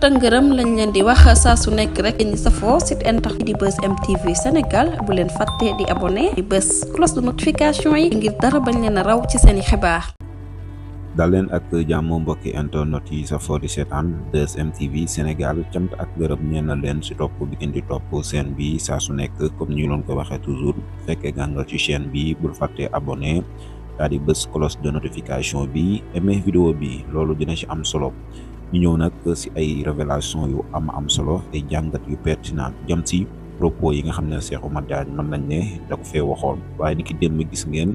tëngërëm lañ leen di wax saa su nekk rek ñi safoo site internet di bës mtv sénégal bu leen fàtte di abonné di bës cloche de notification yi ngir dara bañ leen a raw ci seeni xibaar dal leen ak jàmm mbokki internet yi safoo di seetaan 2mtv sénégal cant ak gërëm ñeen leen si topp bi ngeen di topp seen bi saa su nekk comme ñu loon ko waxee toujours fekke gàngal ci chaîne bi bul fàtte abonné daal di bës cloche de notification bi aimé vidéo bi loolu dina ci am solo ñu ñëw nag si ay révélation yu am am solo ay jàngat yu pertinent jëm si propos yi nga xam ne Cheikh Oumar Diagne mën nañ ne da ko fee waxoon waaye ni ki démb gis ngeen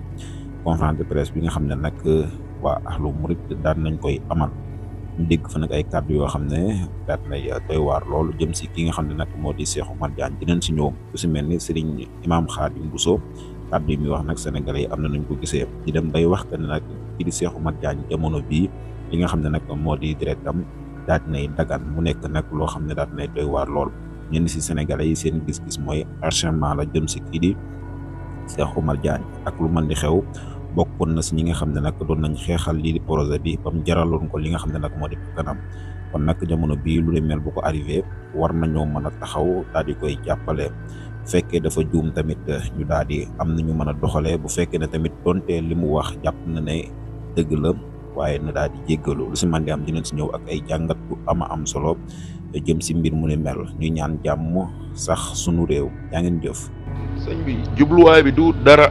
conférence de presse bi nga xam ne nag waa ahlu murid daan nañ koy amal ñu dégg fa nag ay kàddu yoo xam ne daat nay doy waar loolu jëm si ki nga xam ne nag moo di Cheikh Oumar Diagne dinañ si ñëw ku si mel ni Serigne Imam Khadim Bousso kàddu yi muy wax nag sénégalais yi am na nañ ko gisee di dem bay wax que nag di Cheikh Oumar jamono bii li nga xam ne nag moo di deretam daal dinay dagan mu nekk nag loo xam ne daal dinay doy waar lool ñenn si sénégalais yi seen gis-gis mooy harcèlement la jëm si kii di Cheikh Oumar Diagne ak lu mën di xew bokkoon na si ñi nga xam ne nag doon nañ xeexal lii projet bi ba mu jaraloon ko li nga xam ne nag moo di kanam kon nag jamono bii lu mel bu ko arrivé war ñoo mën a taxaw daal di koy jàppale bu fekkee dafa juum tamit ñu daal di am ñu mën a doxalee bu fekkee ne tamit donte li mu wax jàpp na ne dëgg la waye na daal di jéggalu Ousmane Diam dinañ ci ñew ak ay jangat bu ama am solo jëm ci mbir mu ne mel ñu ñaan jamm sax suñu réew ya ngeen jëf. sëñ bi jubluwaay bi du dara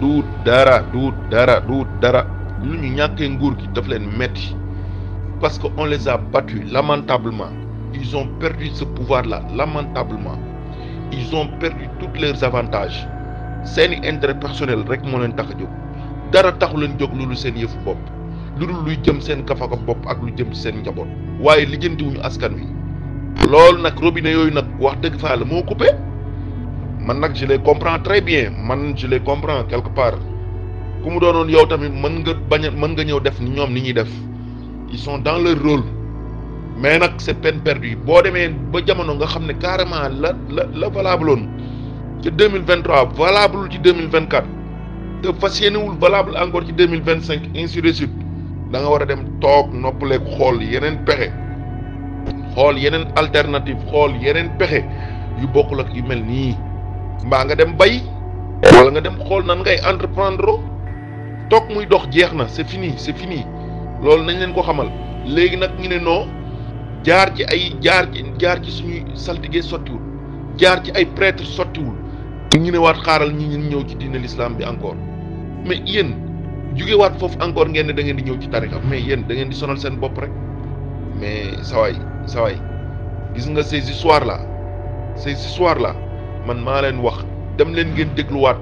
du dara du dara du dara ñu ñu ñaké nguur gi daf leen metti parce que on les a battu lamentablement ils ont perdu ce pouvoir là lamentablement ils ont perdu tous leurs avantages seni intérêt personnel rek mo leen tax dara taxu leen jóg loolu seen bopp lu dul luy jëm seen kafaka bopp ak lu jëm seen njaboot waaye lijjantiwuñu askan wi lool nag robinet yooyu nag wax dëgg faa la moo coupé man nag je les comprends très bien man je les comprends quelque part ku mu doonoon yow tamit mën nga bañ a mën nga ñëw def ni ñoom ni ñuy def ils sont dans leur rôle mais nag c'est peine perdue boo demee ba jamono nga xam ne carrément la la la valable woon ci 2023 valable ci 2024. te fas yéenewul valable encore ci 2025. ainsi de suite da nga war a dem toog noppaleeg xool yeneen pexe xool yeneen alternative xool yeneen pexe yu bokkul ak yu mel nii mbaa nga dem bay wala nga dem xool nan ngay entreprendre toog muy dox jeex na c'est fini c'est fini loolu nañ leen ko xamal léegi nag ñu ne noo jaar ci ay jaar ci jaar suñuy saltige sottiwul jaar ci ay prêtre sottiwul ñu ne waat xaaral ñi ñun ñëw ci dina l'islam bi encore mais yéen wat fofu encore ngén da ngén di ñëw ci tarika mais yeen da ngén di sonal sen bop rek mais saway saway gis nga ces histoires là ces histoires là man ma leen wax dem leen déglu wat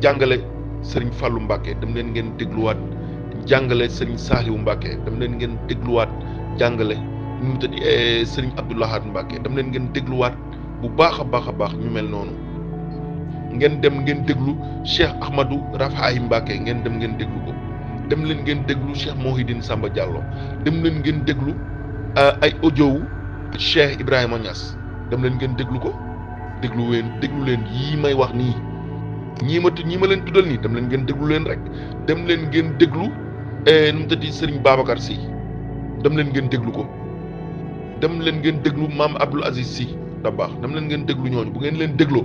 jàngale sëriñ fàllu mbàkke dem leen déglu wat jàngale sëriñ saaliwu mbàkke dem leen déglu wat jàngale ñu tuddi tëdd sëriñ abdoulahat dem leen déglu wat bu baaxa baaxa baax ñu mel noonu ngeen dem ngeen déglu cheikh ahmadou rafahi mbake ngeen dem ngeen déglu ko dem leen ngeen déglu cheikh mohidine samba diallo dem leen ngeen déglu euh, ay audio cheikh ibrahima niass dem leen ngeen déglu ko déglu leen déglu leen yi may wax ni ñi ma ñi ma leen tuddal ni dem leen ngeen déglu leen rek dem leen ngeen déglu euh, nu mu tëddi serigne babacar si dem leen ngeen déglu ko dem leen ngeen déglu mam abdul aziz si tabax dem leen ngeen déglu ñooñu bu ngeen leen dégloo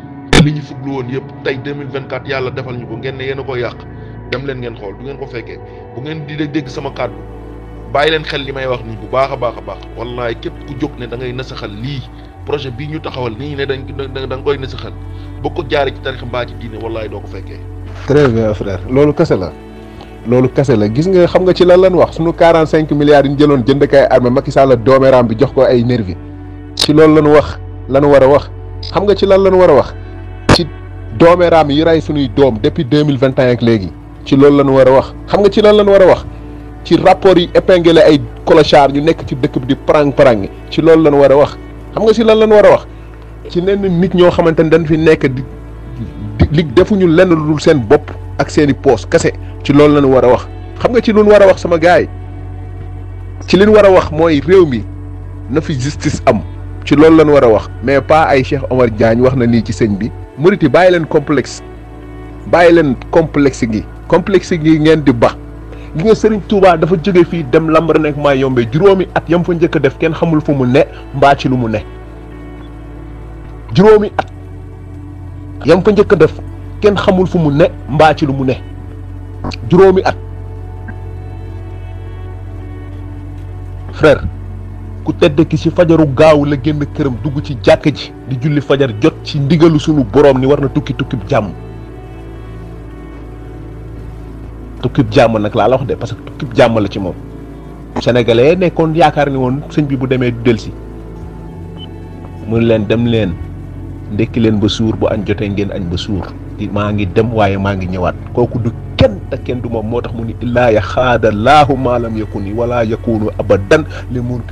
li ñu fuglu woon yëpp tey 2024 yàlla defal ñu ko ngeen ne yéen a ko yàq dem leen ngeen xool du ngeen ko fekkee bu ngeen di dégg sama kàddu bàyyi leen xel li may wax nii bu baax a baax a baax wallaay képp ku jóg ne da nasaxal lii projet bi ñu taxawal nii ne dañ da nga koy nasaxal ba ko jaaree ci tarix mbaa ci diine wallaay doo ko fekkee. très bien loolu kese la. loolu kese la gis nga xam nga ci lan lan wax sunu 45 milliards yi ñu jëloon jënd kay armée Macky Sall doomeeraam bi jox ko ay nervi ci loolu lañu wax lañu war a wax xam nga ci lan lañu war a wax doomeeraam yi rey suñuy doom depuis deux mille vingt et un ak ci loolu la ñu war a wax xam nga ci lan la ñu war a wax ci rapport yi épinglé ay clochards yu nekk ci dëkk bi parang parang ci loolu la ñu war a wax xam nga ci lan la ñu war a wax ci nenn nit ñoo xamante ne dañ fi nekk di li defuñu lenn lu dul seen bopp ak seen i poos kese ci loolu la war a wax xam nga ci lu ñu war a wax sama gaay ci li war a wax mooy réew mi na fi justice am ci loolu la ñu war a wax mais pas ay Cheikh Omar Diagne wax na nii ci sëñ bi. muriti bàyyi leen complexe bàyyi leen complexe gi complexe gi ngeen di ba gi nga Serigne Touba dafa jóge fii dem lambar nekk maa yombe juróomi at yam fa njëkk hamul def kenn xamul fu mu ne mbaa ci lu mu ne juróomi at yam fa njëkk hamul def kenn xamul fu mu ne mbaa ci lu mu ne juróomi at frère ku tedd ki ci fajaru gaaw la jaket kërëm dugg ci jàkk ji di julli fajar jot ci ndigalu sunu borom ni war na tukki tukkib jàmm tukkib jàmm nag laa la wax de parce que tukkib jàmm la ci moom sénégalais nekkoon yaakaar ni woon sëñ bi bu demee du delsi mun leen dem leen ndekki leen ba suur bu añ jotee ngeen añ ba suur maa ngi dem waaye maa ngi ñëwaat kooku du kenn te kenn du moom moo mu ni illaa yaxaada laahu maalam yakuni wala yakunu abadan li mun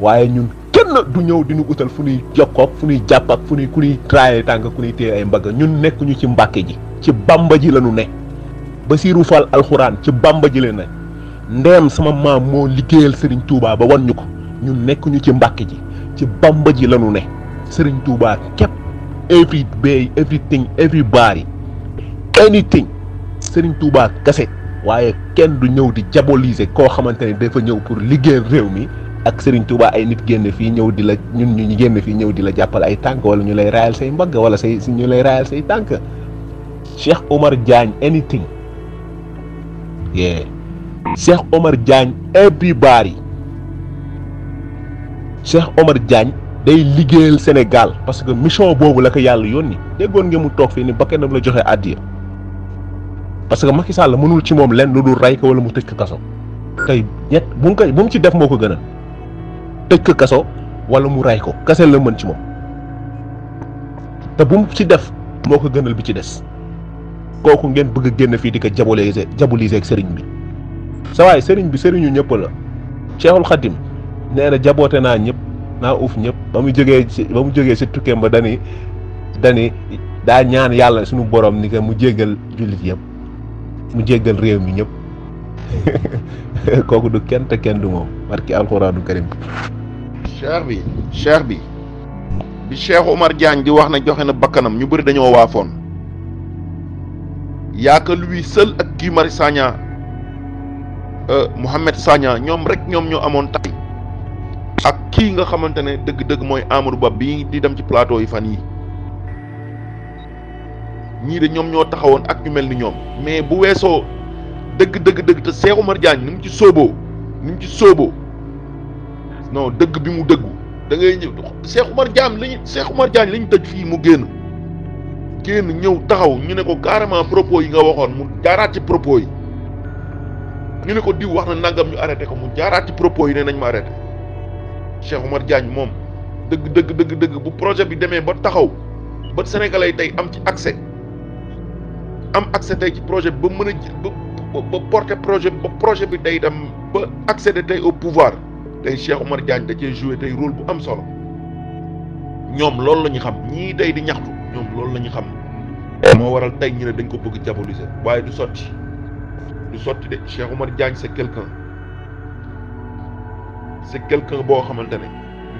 waaye ñun kenn du ñëw di utal fu ñuy jokkoog fu ñuy jàpp fu ñuy ku ñuy traaye tànk ku ñuy téye ay mbagg ñun nekkuñu ci mbàkke ji ci bamba ji la ñu ne Basiiru Fall alxuraan ci bamba ji la ne ndeem sama maam moo liggéeyal Serigne Touba ba wan ñu ko ñun nekkuñu ci mbàkke ji ci bamba ji la ñu ne Serigne Touba képp every bay everything everybody anything Serigne Touba kase waaye kenn du ñëw di diaboliser koo xamante ne dafa ñëw pour liggéeyal réew mi ak Serigne Touba ay nit génn fii ñëw di la ñun ñu génn fii ñëw di la jàppale ay tànk wala ñu lay raayal say mbagg wala say ñu lay raayal say tànk Cheikh Omar jaañ anything yeah Cheikh Omar Diagne everybody Cheikh Omar jaañ day liggéeyal Sénégal parce que mission boobu la ko yàlla yónni déggoon nga mu toog fii ni bakkan la joxe àddiya parce que Macky Sall mënul ci moom lenn lu dul rey ko wala mu tëj ko kaso tey ñett bu mu koy bu mu ci def moo ko gënal tëj ko kaso wala mu ray ko kase la mën ci moom te bu mu ci def moo ko gënal bi ci des kooku ngeen bëgg génn fii di ko jaboliser jaboliser ak sëriñ bi sa waay sëriñ bi sëriñu ñëpp la Cheikhul Khadim nee na jaboote naa ñëpp naa uuf ñëpp ba mu jógee si ba mu jógee si tukkeem ba dani dani daa ñaan yàlla sunu borom ni que mu jéggal jullit yëpp mu jéggal réew mi ñëpp kooku du kenn te kenn du moom barki alxuraanu karim Sherbi, Sherbi, cheikh bi cheikh Omar Diagne di wax na joxe na bakanam ñu bari dañoo waafoon ya ke lui seul ak Guy Marius Sagna euh, Mohamed Sagna ñom rek ñom ñoo amon tay ak ki nga xamantene deug deug moy Amadou Ba bi di dem ci plateau yi fan yi ñi de ñom ñoo taxawon ak ñu melni ñom mais bu wesso deug deug deug te Cheikh Omar Diagne nim ci sobo nim ci sobo non dëgg bi mu dëggu da ngay ñëw Cheikh Oumar Diagne lañu Cheikh Oumar Diagne lañu tëj fii mu génn génn ñëw taxaw ñu ne ko carrément propos yi nga waxoon mu jaaraat ci propos yi ñu ne ko diw wax na nangam ñu arrêté ko mu jaaraat ci propos yi ne nañ ma arrêté Cheikh Oumar Diagne moom dëgg dëgg dëgg dëgg bu projet bi demee ba taxaw ba sénégalais tey am ci accès am accès tey ci projet bi ba mën a ba ba projet ba projet bi day dem ba de tey au pouvoir. tey Cheikh Omar Diagne da cee joué tey rôle bu am solo ñoom loolu la ñu xam ñii tey di ñaxtu ñoom loolu la ñu xam moo waral tey ñu ne dañ ko bëgg diaboliser waaye du sotti du sotti de Cheikh Omar Diagne c'est quelqu'un c'est quelqu'un boo xamante ne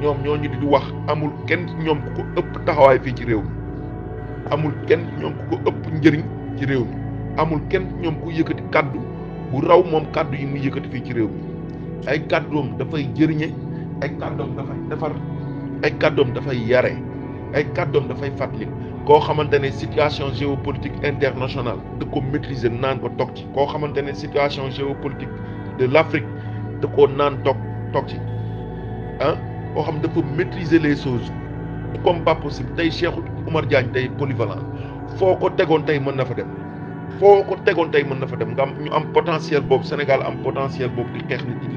ñoom ñoo ñooñu di wax amul kenn ñoom ku ko ëpp taxawaay fii ci réew mi amul kenn ñoom ku ko ëpp njëriñ ci réew mi amul kenn ñoom ku yëkkati kàddu bu raw moom kàddu yi muy yëkkati fii ci réew mi ay kàddoom dafay jëriñe ay kàddoom dafay defar ay kàddoom dafay yare ay kàddoom dafay fàttali koo xamante ne situation géopolitique internationale da ko maîtriser naan ko toog ci koo xamante ne situation géopolitique de l'Afrique da ko naan toog toog ci ah, koo xam dafa maîtriser les choses comme pas possible tey Cheikh Oumar Diagne tey polyvalent foo ko tegoon tey mën na fa dem foo ko tegoon tey mën na fa dem nga ñu am potentiel boobu Sénégal am potentiel boobu